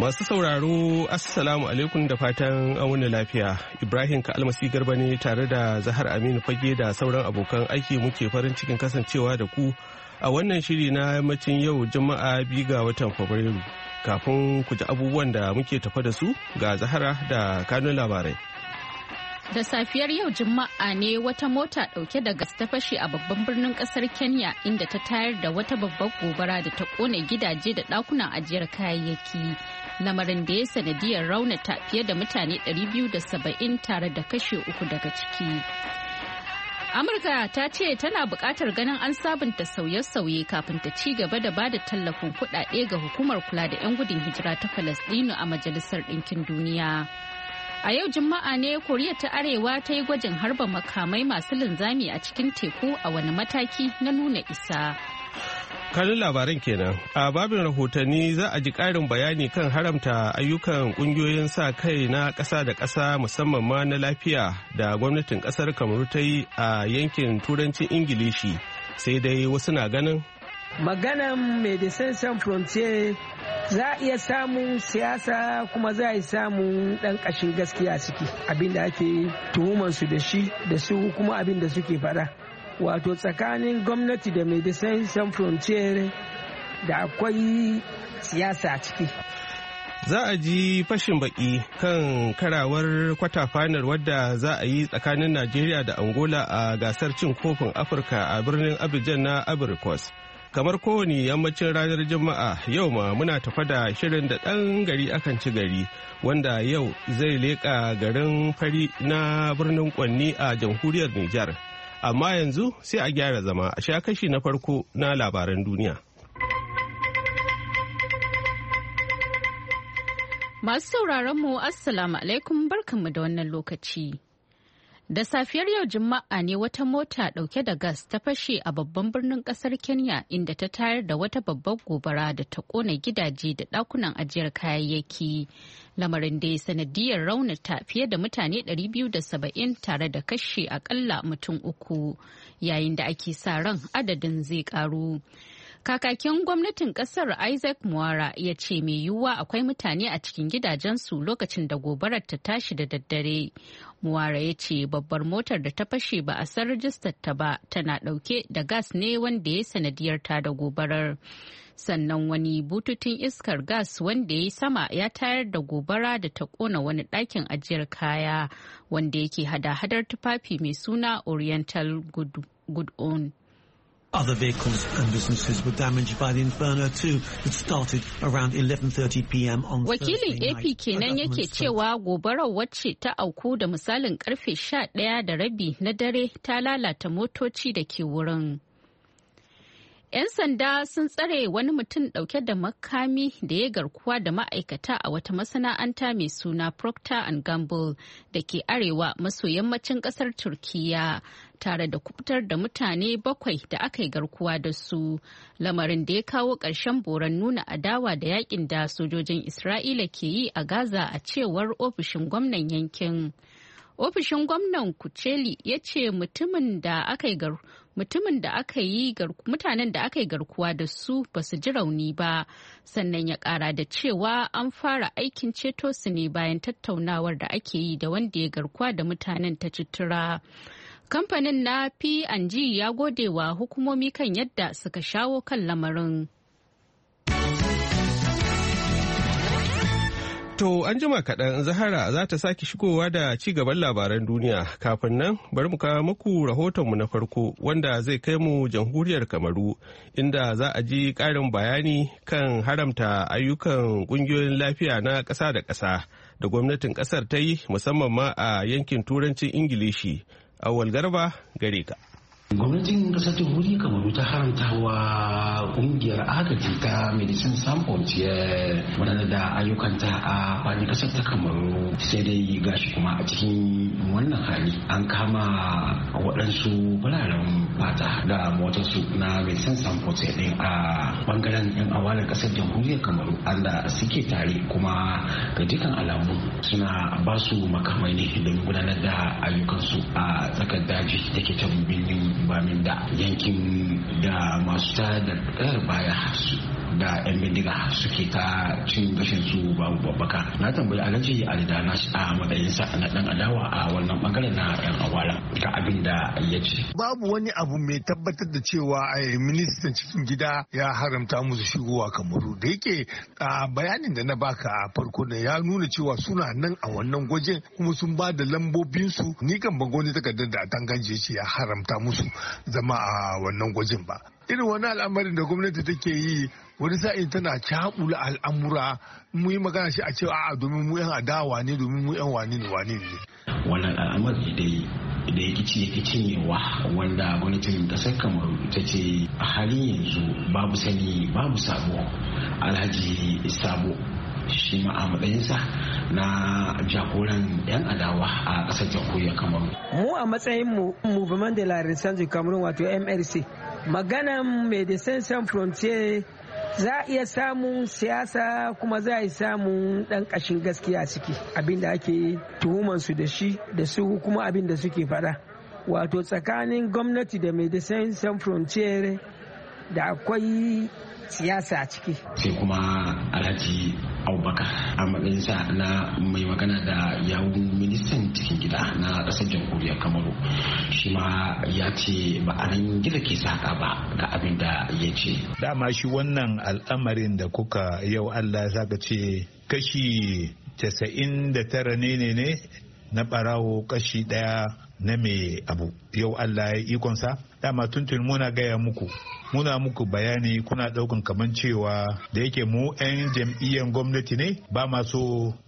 Masu sauraro Assalamu alaikum da fatan wani lafiya. Ibrahim ka almasi Garba ne tare da Zahar Aminu Fage da sauran abokan aiki muke farin cikin kasancewa da ku a wannan shiri na yammacin yau Juma'a biyu ga watan Fabrairu. Kafin ku ji abubuwan da muke tafa da su ga Zahara da kanun labarai. da safiyar yau juma'a ne wata mota dauke da gas ta fashe a babban birnin kasar kenya inda ta tayar da wata babbar gobara da ta kone gidaje da dakunan ajiyar kayayyaki lamarin da ya sanadiyar raunata fiye da mutane 270 tare da kashe uku daga ciki amurka ta ce tana bukatar ganin an sabunta sauye-sauye kafin ta ci gaba da ba da tallafin kuɗaɗe ga hukumar kula da 'yan gudun hijira ta falasɗinu a majalisar ɗinkin duniya A yau Juma'a ne Koriya ta Arewa ta yi gwajin harba makamai masu linzami a cikin teku a wani mataki na nuna isa. Kanin labaran kenan. A babin rahotanni za a ji ƙarin bayani kan haramta ayyukan ƙungiyoyin sa kai na ƙasa da ƙasa musamman ma na lafiya da gwamnatin ƙasar Kamaru ta yi a yankin Turancin Ingilishi. Sai dai wasu na ganin maganan medecin sans frontier za a iya samun siyasa kuma za a yi samun dan kashin gaskiya ciki abin da ake tuhuman su da shi da su kuma abin da suke faɗa wato tsakanin gwamnati da medecin sans frontier da akwai siyasa ciki za a ji fashin baki kan karawar kwata final wadda za a yi tsakanin najeriya da angola a gasar cin kofin afirka a birnin abidjan na abirikos kamar kowane yammacin ranar juma'a yau ma muna tafa da shirin da ɗan gari akan ci gari wanda yau zai leƙa garin fari na birnin kwanni a jamhuriyar nijar amma yanzu sai a gyara zama a sha kashi na farko na labaran duniya masu sauraron mu assalamu alaikum barkanmu da wannan lokaci Da safiyar yau Juma'a ne wata mota dauke da gas ta fashe a babban birnin kasar Kenya inda ta tayar da wata babbar gobara da ta kona gidaje da dakunan ajiyar kayayyaki. Lamarin da ya sanadiyar raunata fiye da mutane 270 tare da kashe akalla mutum uku yayin da ake sa ran adadin zai karu. Kakakin gwamnatin kasar Isaac Muara ya ce mai yiwuwa akwai mutane a cikin gidajensu lokacin da gobarar ta tashi da daddare. Muara ya ce babbar motar da ta fashe ba a san rajistar ta ba tana dauke da gas ne wanda ya sanadiyar ta da gobarar. Sannan wani bututun iskar gas wanda ya yi sama ya tayar da gobara da ta kona wani ɗakin ajiyar kaya wanda yake hada-hadar tufafi mai suna Oriental Good On. Other vehicles and businesses were damaged by the inferno too It started around 11:30 p.m. on Wakilin AP kenan yake cewa gobarar wacce ta auku da misalin karfe 11 da rabi na dare ta lalata motoci da ke wurin. 'Yan sanda sun tsare wani mutum ɗauke da makami da ya garkuwa da ma'aikata a wata masana'anta mai suna Procter and Gamble da ke arewa maso yammacin ƙasar turkiya tare da kubutar da mutane bakwai da aka yi garkuwa da su. Lamarin da ya kawo ƙarshen boran nuna adawa da yakin da sojojin Isra'ila ke yi a Gaza a cewar ofishin gwamnan yankin. ofishin gwamnan kuceli ya ce mutumin da aka yi mutumin da mutanen da aka yi garkuwa da su ba su ji rauni ba sannan ya kara da cewa an fara aikin ceto su ne bayan tattaunawar da ake yi da wanda ya garkuwa da mutanen ta citura kamfanin na p&g ya gode wa hukumomi kan yadda suka shawo kan lamarin To an jima kaɗan Zahara za ta sake shigowa da ci gaban labaran duniya kafin nan bari mu kawo muku mu na farko wanda zai kai mu jamhuriyar Kamaru inda za a ji ƙarin bayani kan haramta ayyukan ƙungiyoyin lafiya na ƙasa da ƙasa da gwamnatin ƙasar ta yi musamman ma a yankin turancin Ingilishi. Awal Garba gare ka. gwamnatin kasar jamhuriyar kamaru ta haramta wa kungiyar agaji ta medicine sample ya gudanar da ayyukanta a fadin kasar ta kamaru sai dai gashi kuma a cikin wannan hali an kama waɗansu fararen fata da motarsu na medicine sample ya ɗin a bangaren yan awalar kasar jamhuriyar kamaru anda suke tare kuma ga dukkan alamu suna basu su makamai ne don gudanar da ayyukansu a tsakar daji da ke ta birnin bamin da yankin da masu tada da eh, baya su da 'yan bindiga suke ta cin gashin su babu babbaka na tambayi alhaji alida na a sa na dan adawa a wannan bangaren na 'yan awala ga abin da ya ce babu wani abu mai tabbatar da cewa eh, ministan cikin gida ya haramta musu shigowa kamaru da yake a bayanin da na baka a farko da ya nuna cewa suna nan a wannan gwajin kuma sun ba da lambobinsu ni kan ban gwani takardar da tanganje ce ya haramta musu zama a wannan gwajin ba irin wani al'amarin da gwamnati take yi wani sa'in tana cabula al'amura mu yi magana shi a cewa a domin mu yan adawa ne domin mu yan wane ne wane ne wannan al'amar dai da ya kici ya cinyewa wanda gwamnatin kasar kamar ta ce a halin yanzu babu sani babu sabo alhaji sabo shi ma a matsayinsa na jagoran 'yan adawa a kasar jamhuriyar kamaru mu a matsayin mu movement de la renaissance cameroon wato mrc maganan medecins sans frontier za a iya samun siyasa kuma za a yi samun ɗan ƙashin gaskiya ciki abin da ake su da shi da su kuma abin da suke faɗa wato tsakanin gwamnati da medecines sans frontiere da akwai siyasa a ciki. Sai kuma Alhaji Abubakar a matsayinsa na mai magana da yawun ministan cikin gida na ƙasar jamhuriyar Kamaru shi ma ya ce ba a nan gida ke saƙa ba ga abin da ya ce. Dama shi wannan al'amarin da kuka yau Allah ya ce kashi casa'in da tara ne ne ne na ɓarawo kashi ɗaya na mai abu yau Allah ya ikonsa dama tuntun muna gaya muku muna muku bayani kuna daukan kaman cewa da yake mu 'yan jam'iyyar gwamnati ne ba ma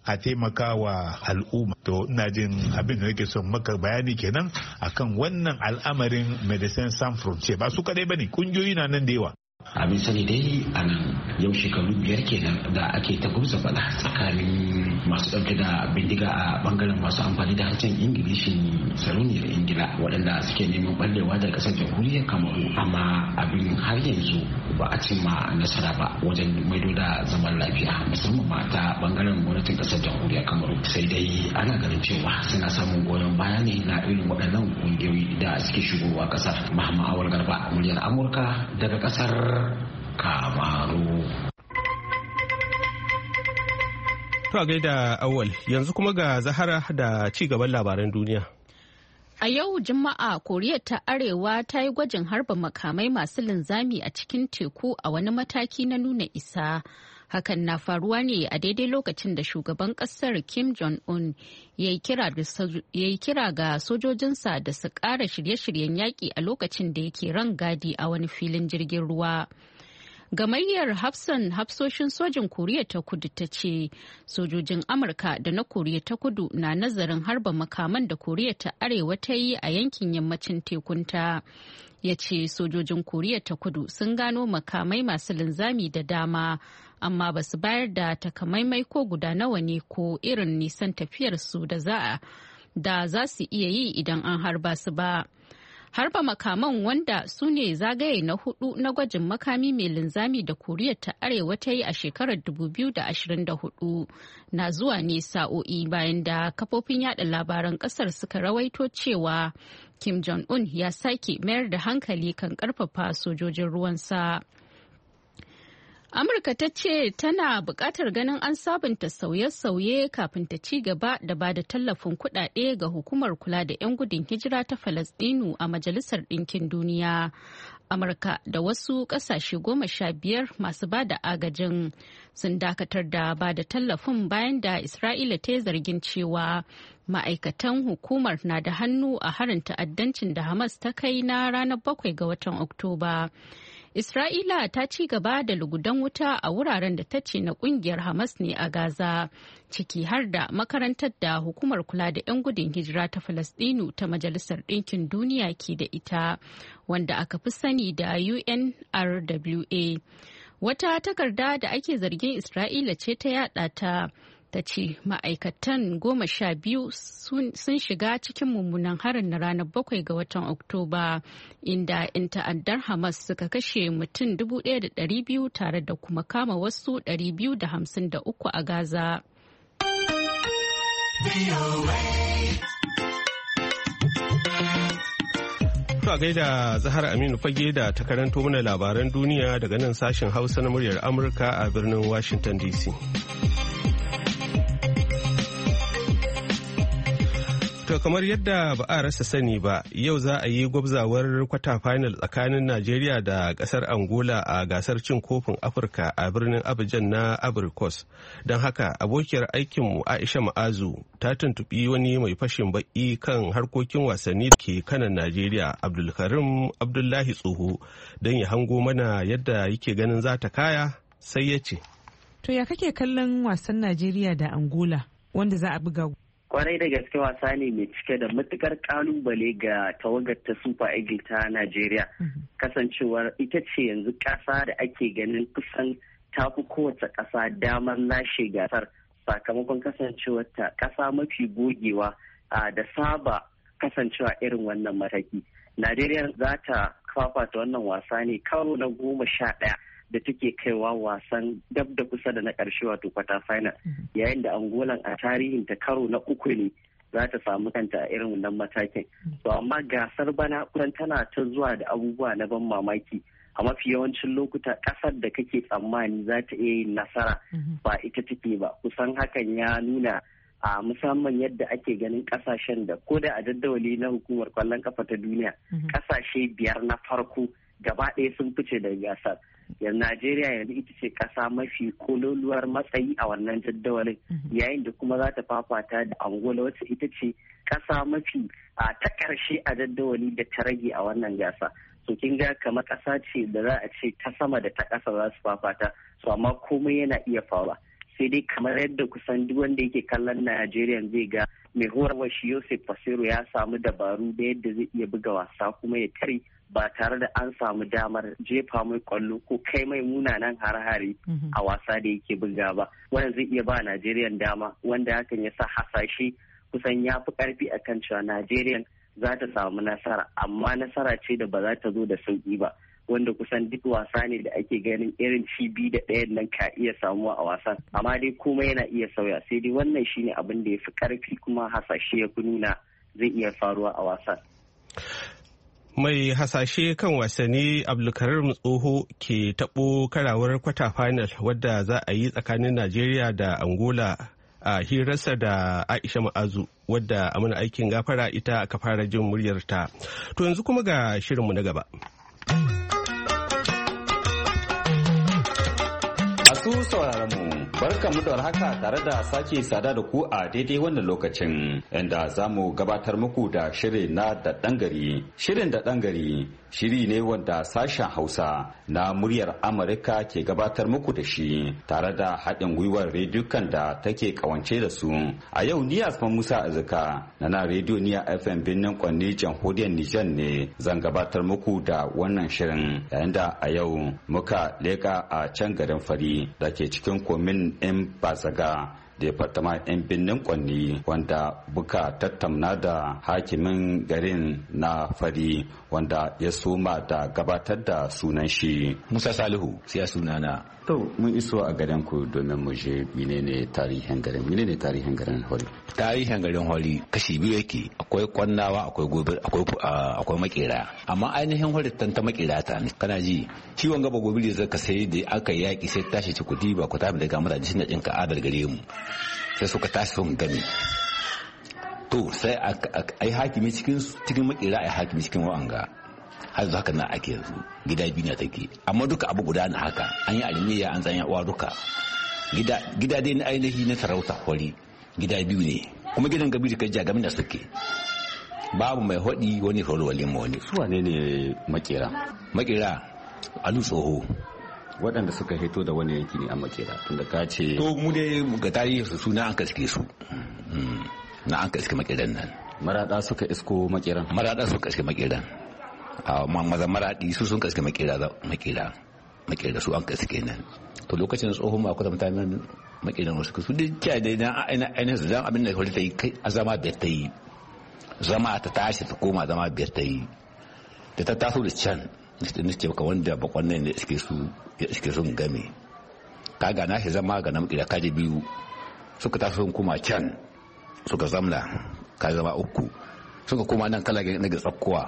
a taimaka wa al'umma to ina jin abin da yake son maka bayani kenan akan wannan al'amarin medicine sans frontier ba su kadai bane kungiyoyi na nan da yawa abin sani dai a nan yau shekaru biyar kenan da ake ta gumsa faɗa tsakanin masu ɗauke da bindiga a bangaren masu amfani da harshen ingilishin sarauniyar ingila waɗanda suke neman ɓallewa daga ƙasar jamhuriyar kamaru amma abin har yanzu ba a cimma nasara ba wajen maido da zaman lafiya musamman ma ta bangaren gwamnatin ƙasar jamhuriyar kamaru sai dai ana ganin cewa suna samun goyon baya ne na irin waɗannan ƙungiyoyi da suke shigowa ƙasar mahama awal garba muryar amurka daga ƙasar kamaru To a gaida awal yanzu kuma ga Zahara da ci gaban labaran duniya. A yau Juma'a Koriya ta Arewa ta yi gwajin harba makamai masu linzami a cikin teku a wani mataki na nuna isa. Hakan na faruwa ne a daidai lokacin da shugaban kasar Kim Jong-un ya yi kira ga sojojinsa da su ƙara shirye-shiryen yaƙi a lokacin da yake ran gadi a wani filin jirgin ruwa. Gamayyar Hafsan hafsoshin sojin Koriya ta kudu ta ce sojojin Amurka da na Koriya ta kudu na nazarin harba makaman da Koriya ta arewa ta yi a yankin yammacin tekunta. Ya ce sojojin Koriya ta kudu sun gano makamai masu linzami da dama, amma ba su bayar da takamaimai ko guda nawa ne ko irin nisan tafiyarsu da za da za su iya yi idan an harba su ba. harba makaman wanda su ne zagaye na hudu na gwajin makami mai linzami da koriya ta arewa ta yi a shekarar 2024 na zuwa ne sa'o'i bayan da kafofin yada labaran kasar suka rawaito cewa kim jong-un ya sake mayar da hankali kan karfafa sojojin ruwansa. Amurka ta ce tana bukatar ganin an sabunta sauye-sauye kafin ta ci gaba da ba da tallafin kuɗaɗe ga hukumar kula da 'yan gudun hijira ta Falasɗinu a Majalisar Ɗinkin Duniya. Amurka da wasu ƙasashe goma sha biyar masu ba da agajin sun dakatar da ba da tallafin bayan da Isra'ila ta zargin cewa ma'aikatan hukumar na da hannu a harin ta'addancin da Hamas ta kai na ranar bakwai ga watan Oktoba. Isra'ila ta ci gaba da lugudan wuta a wuraren da ta ce na kungiyar Hamas ne a Gaza, ciki har da makarantar da hukumar kula da 'yan gudun hijira ta Falasɗinu ta Majalisar Ɗinkin Duniya ke da ita, wanda aka fi sani da UNRWA. Wata takarda da ake zargin Isra'ila ce ta yada ta. ta ce ma'aikatan goma sha biyu sun shiga cikin mummunan harin na ranar bakwai ga watan oktoba inda 'yan ta'addar hamas suka kashe mutum dubu da biyu tare da kuma kama wasu biyu da da hamsin uku a gaza Kuka gaida Zahar Aminu fage da ta karanto mana labaran duniya daga nan sashen Hausa na muryar Amurka a birnin Washington DC. To kamar yadda ba a rasa sani ba yau za a yi gwabzawar kwata final tsakanin Najeriya da ƙasar Angola a gasar cin kofin Afirka a birnin Abidjan na Abrikos. Don haka abokiyar aikinmu Aisha Ma'azu ta tuntubi wani mai fashin baki kan harkokin wasanni da ke kanan Najeriya Abdulkarim Abdullahi Tsoho don ya hango mana yadda yake ganin za ta kaya sai ya ce. To ya kake kallon wasan Najeriya da Angola wanda za a buga kwarai da gaske wasa ne mai cike da matukar kalubale ga tawagar ta super eagle ta nigeria mm-hmm. kasancewar ita ce yanzu kasa da ake ganin kusan tafi kowace kasa damar lashe gasar sakamakon kasancewar ta kasa mafi gogewa da saba kasancewa irin wannan mataki nigeria za ta fafata wannan wasa ne karo na goma sha ɗaya da take kaiwa wasan dab da kusa da na ƙarshe wato kwata final mhm. yayin da angolan a tarihin ta karo na uku ne za ta samu kanta a irin wannan matakin mhm. to amma gasar bana kuran tana ta zuwa da abubuwa na ban mamaki a mafi yawancin lokuta kasar da kake tsammani za ta iya yin nasara mhm. ba ita take ba kusan hakan ya nuna a musamman yadda ake ganin kasashen da ko da a daddawali na hukumar kwallon kafa ta duniya kasashe biyar na farko gaba ɗaya sun fice daga gasar yanzu najeriya yanzu ita ce kasa mafi kololuwar matsayi a wannan jaddawalin mhm. yayin da kuma za ta fafata da angola wacce ita ce kasa mafi a ta karshe a jaddawali da ta rage a wannan gasa so kin ga kamar kasa ce da za a ce ta sama da ta kasa za su fafata so amma komai yana iya faruwa sai dai kamar yadda kusan duk wanda yake kallon Najeriya zai ga mai horarwa shi Yosef Fasero ya samu dabaru da yadda zai iya buga wasa kuma ya tare ba tare da an samu damar jefa mai kwallo ko kai mai munanan har-hare mhm. a wasa da yake buga ba wanda zai iya ba najeriya dama wanda hakan ya sa hasashe kusan ya fi karfi akan cewa najeriya za ta samu nasara amma nasara ce da ba za ta zo da sauki ba wanda kusan duk wasa ne da ake ganin irin cibi da ɗayan nan ka iya samuwa a wasan amma dai komai yana iya sauya sai dai wannan shine abin da ya fi karfi kuma hasashe ya fi nuna zai iya faruwa a wasan mai hasashe kan wasanni Abdulkarar tsoho ke taɓo karawar kwata final wadda za a yi tsakanin najeriya da angola a hirarsa da aisha ma'azu wadda amina aikin gafara ita aka fara jin muryarta to yanzu kuma ga shirinmu na gaba masu sauraron mu Barkanmu da haka tare da sake sada da ku a daidai wannan lokacin inda za mu gabatar muku da shirin na da gari. Shirin da shiri ne wanda sashen hausa na muryar amurka ke gabatar muku da shi tare da haɗin gwiwar rediyokan da take kawance da su a yau ni asman musa azuka na na rediyo niya fm birnin kwanne jamhuriyar nijar ne zan gabatar muku da wannan shirin yayin da a yau muka leka a can garin fari da ke cikin komin in bazaga departama 'yan birnin kwanni wanda buka tattamna da hakimin garin na fari wanda ya soma da gabatar da sunan shi musa salihu siya sunana to mun iso a garin ku domin mu je menene tarihin garin menene tarihin garin hori tarihin garin hori kashi biyu yake akwai kwannawa akwai gobir akwai ah, akwai makera amma ainihin hori tan ta makera ta ne kana ji ciwon gaba da zaka sai da aka yaki sai tashi ci kudi ba ku ta daga da jin da ka adar gare mu sai suka tashi sun gami to sai a yi hakimi cikin makera a yi hakimi cikin wanga. har zuwa haka na ake yanzu gida biyu na take amma duka abu guda na haka an yi alimiya an tsanya uwa duka gida dai na ainihi na sarauta hori gida biyu ne kuma gidan gabi da kajiya gamin da suke babu mai hodi wani horo wali ma wani su wane ne makera makera alu tsoho waɗanda suka hito da wani yanki ne a makera tunda ka ce to mu dai ga tarihi su suna an kaske su na an kaske mm, mm. makeran nan marada suka isko makeran marada suka iske makeran Ah, a maza maraɗi su sun kaske makera makera makera su an kaske nan to lokacin tsohon ma akwai mutane makiran wasu su duk kya dai na ainihin su dan abin da kwalita yi kai a zama biyar ta yi zama ta tashi ta koma zama biyar ta yi da ta taso da can na ce ka wanda bakon nan da suke su suke sun game ka ga na shi zama ga na makira kaji biyu suka taso sun koma can suka zamla ka zama uku suka koma nan kala na ga tsakkuwa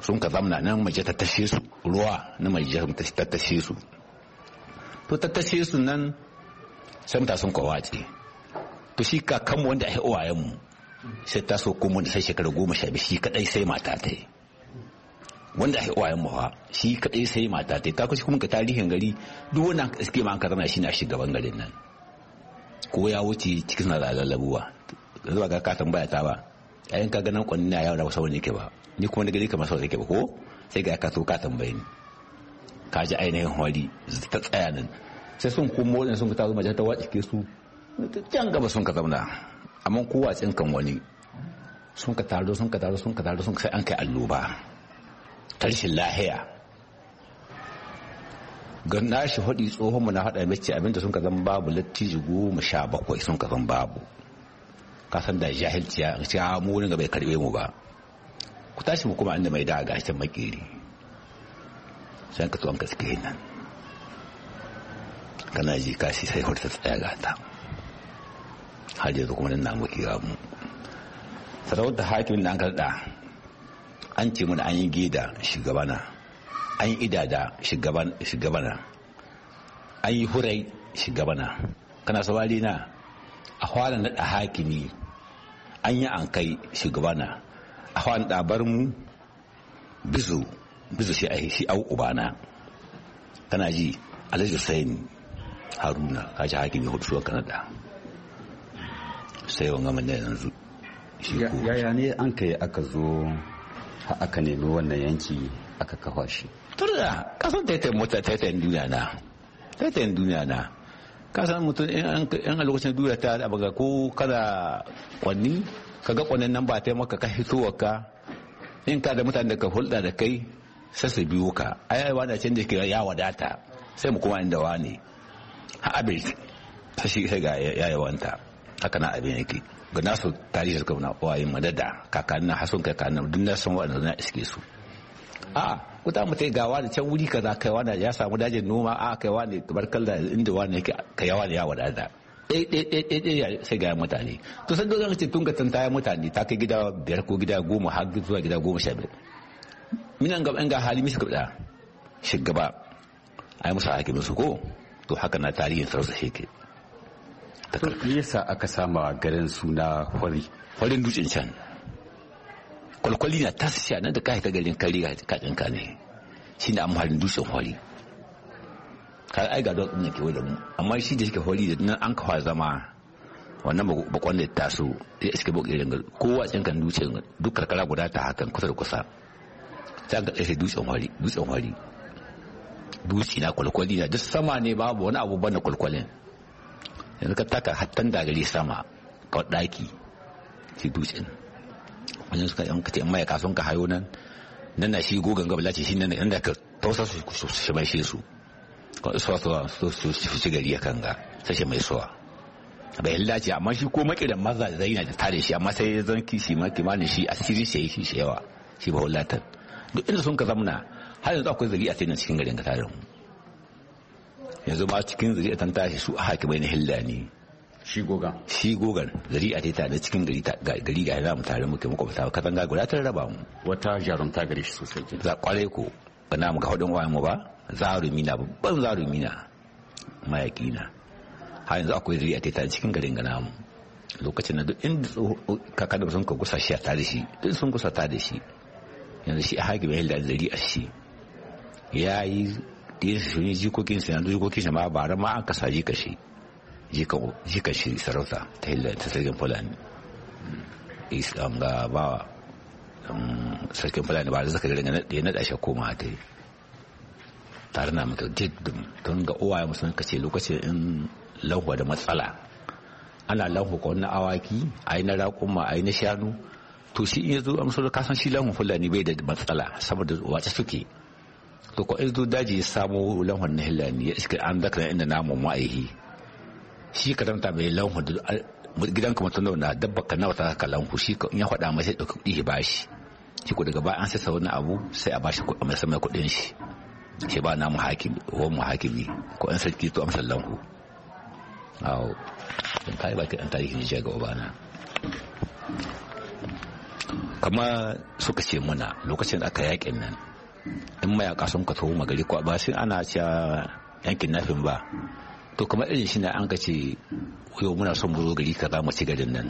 sun ka zamna nan mace ta tashe su ruwa na mace ta tashe su to ta tashe su nan sai ta kowa ce to shi kakanmu wanda a uwayen mu sai ta so kuma da sai shekara goma sha biyu shi kadai sai mata ta yi wanda a uwayen mu ha shi kadai sai mata ta yi ta ka kuma ka tarihin gari duk wannan iske ma an ka zama shi ne a shugaban garin nan ko ya wuce cikin na lalabuwa zuwa ga ka tambaya ta ba yayin ka ganin kwanin na yawon da sauran yake ba ni kuma daga gani kamar sauran yake ba ko sai ga ka so ka tambayi ni ka ji ainihin hori ta tsaya nan sai sun kuma wani sun ta zo majalisa ta wace ke su can gaba sun ka zauna amma kowa tsinkan wani sun ka taro sun ka taro sun ka taro sun sai an kai ba tarshen lahiya ga nashi hudi tsohon mu na hada mace abinda sun ka zan babu latti goma sha bakwai sun ka zan babu ka san da jahilci ya ce a mu ga bai karbe mu ba ku tashi mu kuma inda mai da ga shi makiri sai ka tsohon kaske nan kana ji kashi sai hurta tsaya gata har yanzu kuma nan na muke ga mu sarauta hakimin da an karda an ce mana an yi gida shugabana an yi idada shugabana an yi hurai shugabana kana saurari na a fara naɗa hakimi an yi an kai shugabana a hawan ɗabar mu bizu bizu shi a shi au ubana kana ji alhaji hussein haruna ka ji hakimi hudu suwa kanada sai wanga mun da yanzu yaya ne an kai aka zo aka nemi wannan yanki aka kafa shi tunda kasan taitayin mota taitayin duniya na taitayin duniya na ka san mutum yan a lokacin dura ta abu ga ko kada kwanni ka ga kwanan nan ba ta maka ka hitowar ka in ka da mutane da ka hulɗa da kai sai su biyo ka ai wani can da ke ya wadata sai mu kuma inda wani ha abin ta shi sai ga ya wanta haka na abin yake ga nasu tarihi suka na wayin madada kakannin hasun kakannin duk na san waɗanda na iske su a ko ta mu ga wani can wuri kaza kai wani ya samu dajin noma a kai wani tubarkalla inda wani yake kai wani ya wadata ɗaiɗaiɗaiɗaiɗaya sai ga mutane to sai dole ce tun ka tantaya mutane ta kai gida biyar ko gida goma har zuwa gida goma sha biyar minan gaban ga hali mishi kabda shugaba a yi musu hakimin su ko to haka na tarihin sarauta shi ke yasa aka sama garin suna hori horin dutsen can kwalkwali na ta siya nan da kai ka garin kare ka tsinka ne shine amfanin dushen hori kar ai ga dutsen ke wajen mu amma shi da shi ke hori da nan an kawo zama wannan bakon da ta so ya iske bakon irin gari kowa kan dutsen duk karkara guda ta hakan kusa da kusa ta ga sai dutsen hori dutsen hori dutsi na kwalkwali na duk sama ne babu wani abu bana kwalkwalin yanzu ka taka hattan da gari sama ka daki shi dutsen wajen suka yanka ce mai kafin ka hayo nan nan na shi gogan gaba lati shi nan inda ka tausa su shi mai shi su ko suwa su su su su shi gari ya kanga sai shi mai suwa bai yi ce amma shi ko makiran maza da zai na da tare shi amma sai ya zan shi ma kimanin shi asiri sai shi shi yawa shi ba hulatan duk inda sun ka zamna har yanzu akwai zuri'a sai nan cikin garin ka tare mu yanzu ma cikin zuri'a tan tashi su a hakimai na hilla ne shi gogan shi gogan gari a ta da cikin gari gari ga za mu tare muke makwabta ka zanga guda ta raba mu wata jarumta gari shi sosai za kwarai ko ba na mu ga hudun wayan mu ba zarumi na babban zarumi na mayaki na har yanzu akwai zuri a ta cikin garin ga namu lokacin da duk inda kakadar sun ka gusa shi a tare shi duk sun gusa ta da shi yanzu shi a haƙi bayan da zari a shi ya yi da ya shi jikokinsa yanzu jikokinsa ma bara ma an kasa jika shi jika shi sarauta ta ta sarkin fulani islam ga ba sarkin fulani ba da zaka gari ya naɗa shi koma ta yi tare na maka jiddin tun ga uwaye musulun kace lokacin in um, lauwa da matsala ana lauwa ko na awaki a na raƙuma a na shanu to shi in ya zo um, amsar san shi lauwa fulani bai da matsala saboda wace suke to ko izu eh, daji ya samo lauwa na hillani ya iska an zakara inda namun ma'aihi shi ka ramta mai lanhu gidan ka mutum na dabba ka nawa ta ka lanhu shi ka ya faɗa mai sai ɗauki kuɗi ba shi shi ko daga baya an sassa wani abu sai a ba shi a masa mai kuɗin shi shi ba na muhakimi ko muhakimi ko an sarki to amsa lanhu awo don kai baki an tarihi ne ga obana kama suka ce muna lokacin da aka yakin nan in mayaka sun ka taho magari ko ba sai ana cewa yankin nafin ba to kamar irin shi na an ka ce yau muna son buru gari ka mu ci garin nan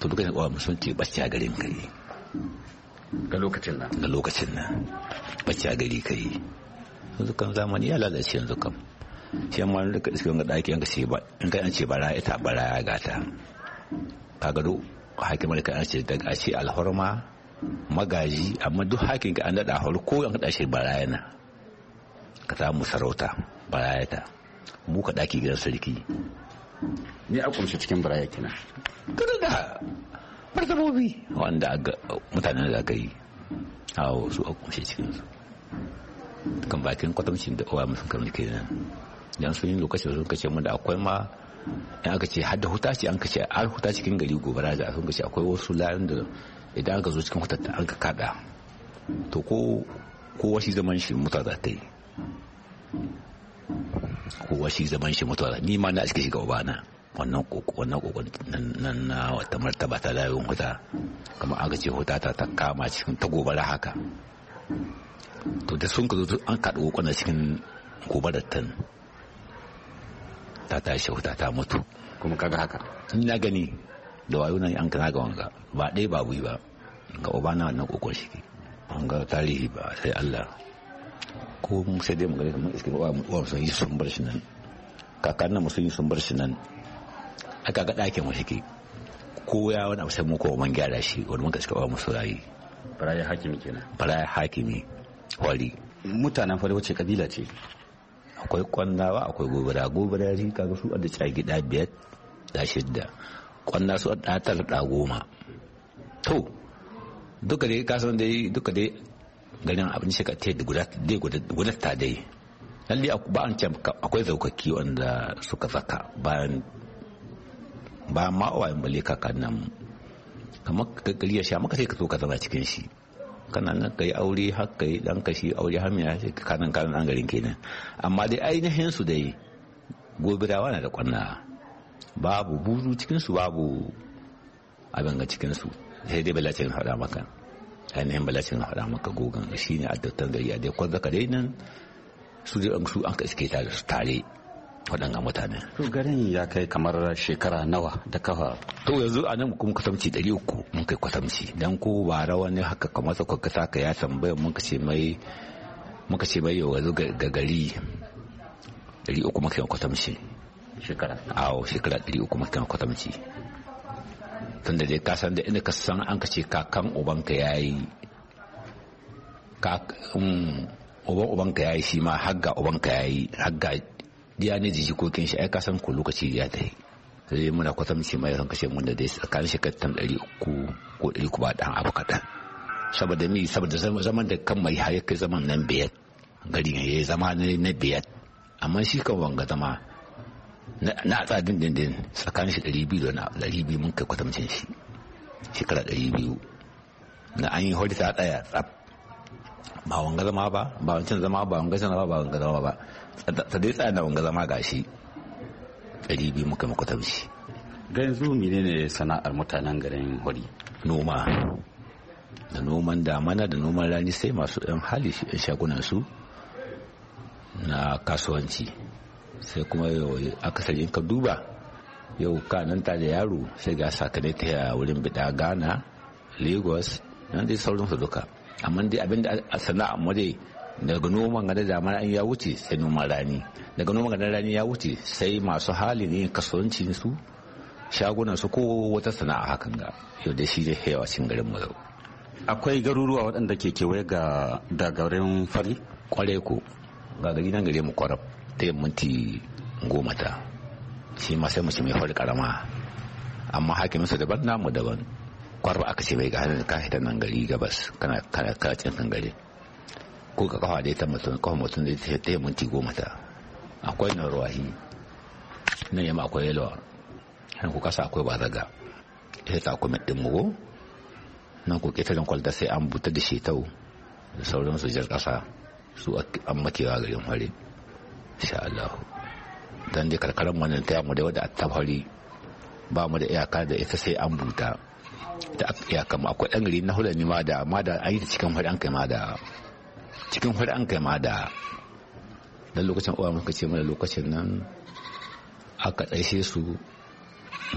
to duka ne kwa mu sun ce bacci a garin kai ga lokacin nan ga lokacin nan bacci a gari kai yanzu kan zamani ya lalace yanzu kam shi amma da duka iske ga daki an ka ce ba in ka an ce bara ita bara ya gata ka gado hakimar kai an ce daga ce alhorma magaji amma duk hakin ka an daɗa hor ko an daɗa shi bara yana ka samu sarauta bara ya ta buka ɗaki gidan sarki ne a kunshi cikin biraya kina kada da martabobi wanda mutanen da aka yi awo su a kunshi cikin su kan bakin kwatamcin da owa musu ke kenan dan sun yi lokacin sun kace mu da akwai ma in aka ce har da huta ce an kace har huta cikin gari gobara da sun kace akwai wasu layan da idan aka zo cikin hutar an ka kada to ko ko wasu zaman shi mutar za ta yi kowa shi zaman shi mutuwa ni ma na aske shiga ubana wannan wannan kokonin na wata martaba ta dawo huta kama aka ce huta ta kama cikin ta gobara haka to da sun ka zo an kaɗa kokona cikin gobarar tan ta tashi huta ta mutu kuma kaga haka ina gani da wayo nan an kana ga wanga ba ɗaya ba bui ba ga ubana wannan kokon shi an ga tarihi ba sai Allah ko sai dai magana gani kamar iske wa mu yi sun bar shi nan kakannin mu sun yi sun bar shi nan aka ga ɗakin mu shike ko ya wani abu sai mu ko mun gyara shi wani mun gaske wa mu surayi faraya hakimi kenan faraya hakimi wali mutanen fari wace kabila ce akwai kwannawa akwai gobara gobara shi kaga su a da cagi da biyar da shidda kwanna su a da tara da goma to duka dai kasan dai duka dai garin abin shi ka te guda ta dai lalle ba an ce akwai zaukaki wanda suka zaka bayan bayan yin bale kaka nan kamar ka ya sha maka sai ka so ka zama cikin shi kana nan ka yi aure har ka yi ɗan kashi aure har mai ka kanan kanan an garin kenan amma dai ainihin su dai gobirawa na da kwanna babu buru cikin babu abin ga cikin su sai dai bala cikin hada maka ainihin balacin na faɗa maka gogon shi ne a addautan gari a daikon zaka ka dai nan su dai su an ka iske da su tare waɗanga mutane. To garin ya kai kamar shekara nawa da kafa. To yanzu a nan kuma kwatamci ɗari uku mun kai kwatamci dan ko ba rawa ne haka kamar sa kuka ka ya tambaya mun ka ce mai muka ce mai yanzu ga gari ɗari uku mun kai kwatamci. Shekara. Awo shekara ɗari uku mun kai kwatamci. tunda dai ka san da inda ka san an ka ce kakan ubanka yi um, uban ubanka yi shi ma hagga ubanka yi hagga diya ne da jikokin shi ai ka san ku lokaci ya ta yi sai muna kwatamci mai san kashe mun da dai tsakanin shekarar tan uku ko ku ba dan abu kaɗan saboda ni saboda zaman da kan mai har kai zaman nan biyar gari ya zama na biyar amma shi kan wanga zama na tsaya dindindin tsakanin shi ɗari biyu da ɗari biyu mun kai kwatamcin shi shekara ɗari biyu na an yi hori ta tsaya tsab ba wanga zama ba ba wancan zama ba wanga zama ba wanga zama ba ta dai tsaya na wanga zama gashi ɗari biyu muka makwatamci ga yanzu ne sana'ar mutanen garin hori noma da noman damana da noman rani sai masu yan hali shagunan su na kasuwanci sai kuma akasari ka duba yau ka nan ta da yaro sai ga sakane ta yaya wurin bida ghana lagos nan dai sauransu duka amma dai abinda a sana'a mu daga noman gane damar an ya wuce sai noman rani daga noman gada rani ya wuce sai masu hali ne kasuwanci su shagunan su ko wata sana'a hakan ga yau da shi dai yawacin garin mu akwai garuruwa waɗanda ke kewaye ga dagarin fari kwarai ko ga gari nan gare mu kwarab ta minti goma ta shi ma sai mu ci mai fari karama amma hakimin su daban namu daban kwarba aka ce bai ga ka hita nan gari gabas kana kana kacin nan gari ko ka kafa da ta mutum kafa mutum da ta yi minti goma ta akwai nan ruwahi nan yamma akwai yalwa hannun ku kasa akwai bazaga ita ta kuma mutum mugu nan ku ƙetaren kwalta sai an buta da shetau da sauransu jar ƙasa su an makewa garin hore insha Allah dan da karkarar wannan ta mu da wadda ta tafari ba mu da iyaka da ita sai an buta da iyaka mu akwai dangare na hulani ma da ma da an yi cikin hulani an kai ma da cikin hulani an kai ma da dan lokacin uwa muka ce mana lokacin nan aka tsaye su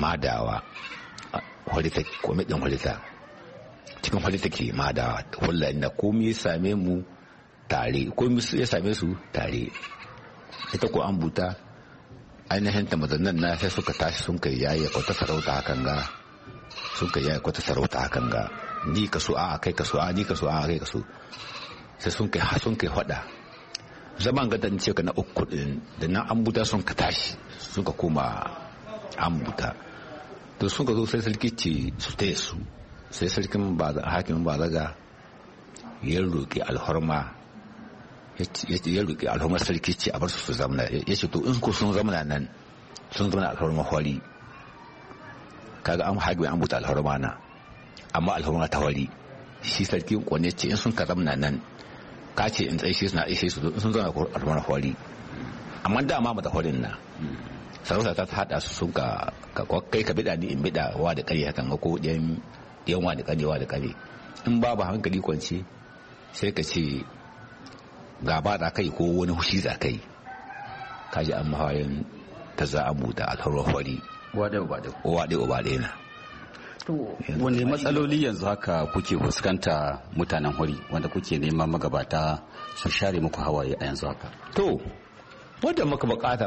madawa hulita komai din hulita cikin hulita ke madawa hulani na komai ya same mu tare komai ya same su tare ita ko an buta ainihin ta mazannan na sai suka tashi sun kai yayi kwata sarauta hakan ga sun kai yayi kwata sarauta hakan ga ni ka su a kai ka su a ni ka su a kai ka su sai sun kai sun kai hada zaman dan ce ka na uku din da nan an buta sun ka tashi sun ka koma an buta to sun ka zo sai sarki ce su taya su sai sarkin ba hakimin ba zaga yin roƙi alhorma ya roƙi alhumar sarki ce a bar su su zamana ya ce to in ku sun zamana nan sun zamana alhurma hori kaga an haɗu an buta alhurma mana amma alhurma ta hori shi sarki kwanne ce in sun ka zamana nan ka ce in tsaye shi suna ishe su in sun zamana alhurma hori amma ma mata horin na sarauta ta haɗa su sun ka kai ka bida ni in bida wa da ƙari kan ko yan wa da ƙari wa da ƙari in babu hankali kwance sai ka ce gaba da kai ko wani hushi za kai kaji an mahayin ta za'amu da alhawar fari waɗe ba ubaɗe na wani matsaloli yanzu haka kuke fuskanta mutanen hori wanda kuke neman magabata su share muku hawaye a yanzu haka to wadda muka bukata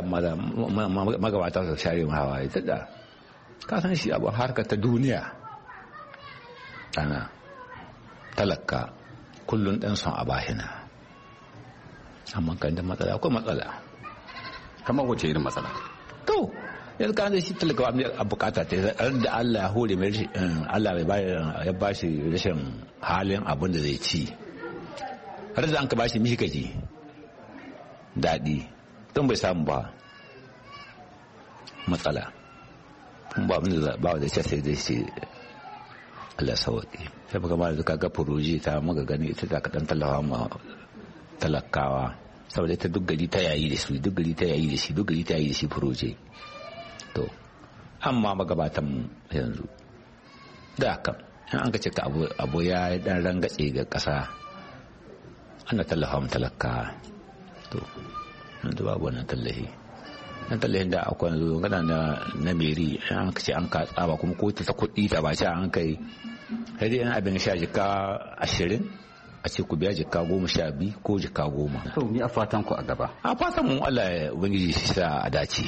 magabata su share mu hawaye tada ka san shi abu harkar ta duniya ana talaka kullum ɗan son a bahina amma kan da matsala akwai matsala kamar wace irin matsala to yanzu kan shi talaka a bukata ta da Allah ya hore mai eh, Allah bai eh, ya bashi rashin halin abin da zai ci har da an ka bashi mishi kaji daɗi don bai samu ba matsala ba abin da ba da ce sai dai shi Allah sauƙi sai baka ba da kaga furoji ta magagani ita ta kaɗan tallafa ma talakawa saboda ita duk gari ta yayi da su duk gari ta yayi da shi duk gari ta yayi da shi furoje to amma magabatan yanzu da kam in an ka ce ka abu ya dan rangatse ga kasa ana tallafa mu talaka to nan da babu wannan tallahi nan tallafin da akwai yanzu gana na na meri an ka ce an ka tsaba kuma ko ta kuɗi ta ba ce an kai sai dai abin sha jika ashirin a ce ku biya jaka goma sha biyu ko jaka goma. To ni a fatan ku a gaba. A fatan mu Allah ya ubangiji sa a dace.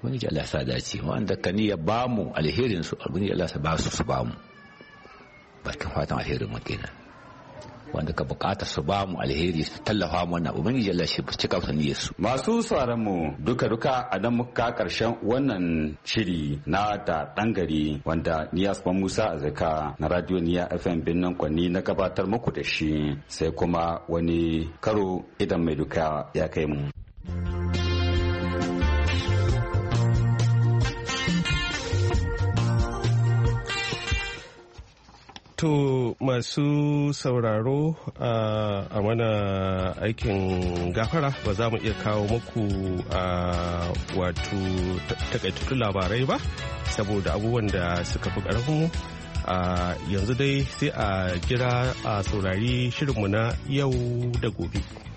Ubangiji Allah sa a dace wanda ka ni ya ba mu alherin su ubangiji Allah sa ba su su ba mu. Barkin fatan alherin mu kenan. wanda ka bukata su ba mu alheri su tallafa mu wannan ubangiji Allah shi cika su niyyar su masu sauraron mu duka duka a nan muka karshen wannan shiri na da ɗan gari wanda Niyas Ban Musa Azaka na Radio Niya FM binnan kwanni na gabatar muku da shi sai kuma wani karo idan mai duka ya kai mu thank you To masu sauraro a mana aikin gafara ba za mu iya kawo muku wato takaitattun labarai ba saboda abubuwan da suka fi mu ƙarfinmu. Yanzu dai sai a jira a saurari shirinmu na yau da gobe.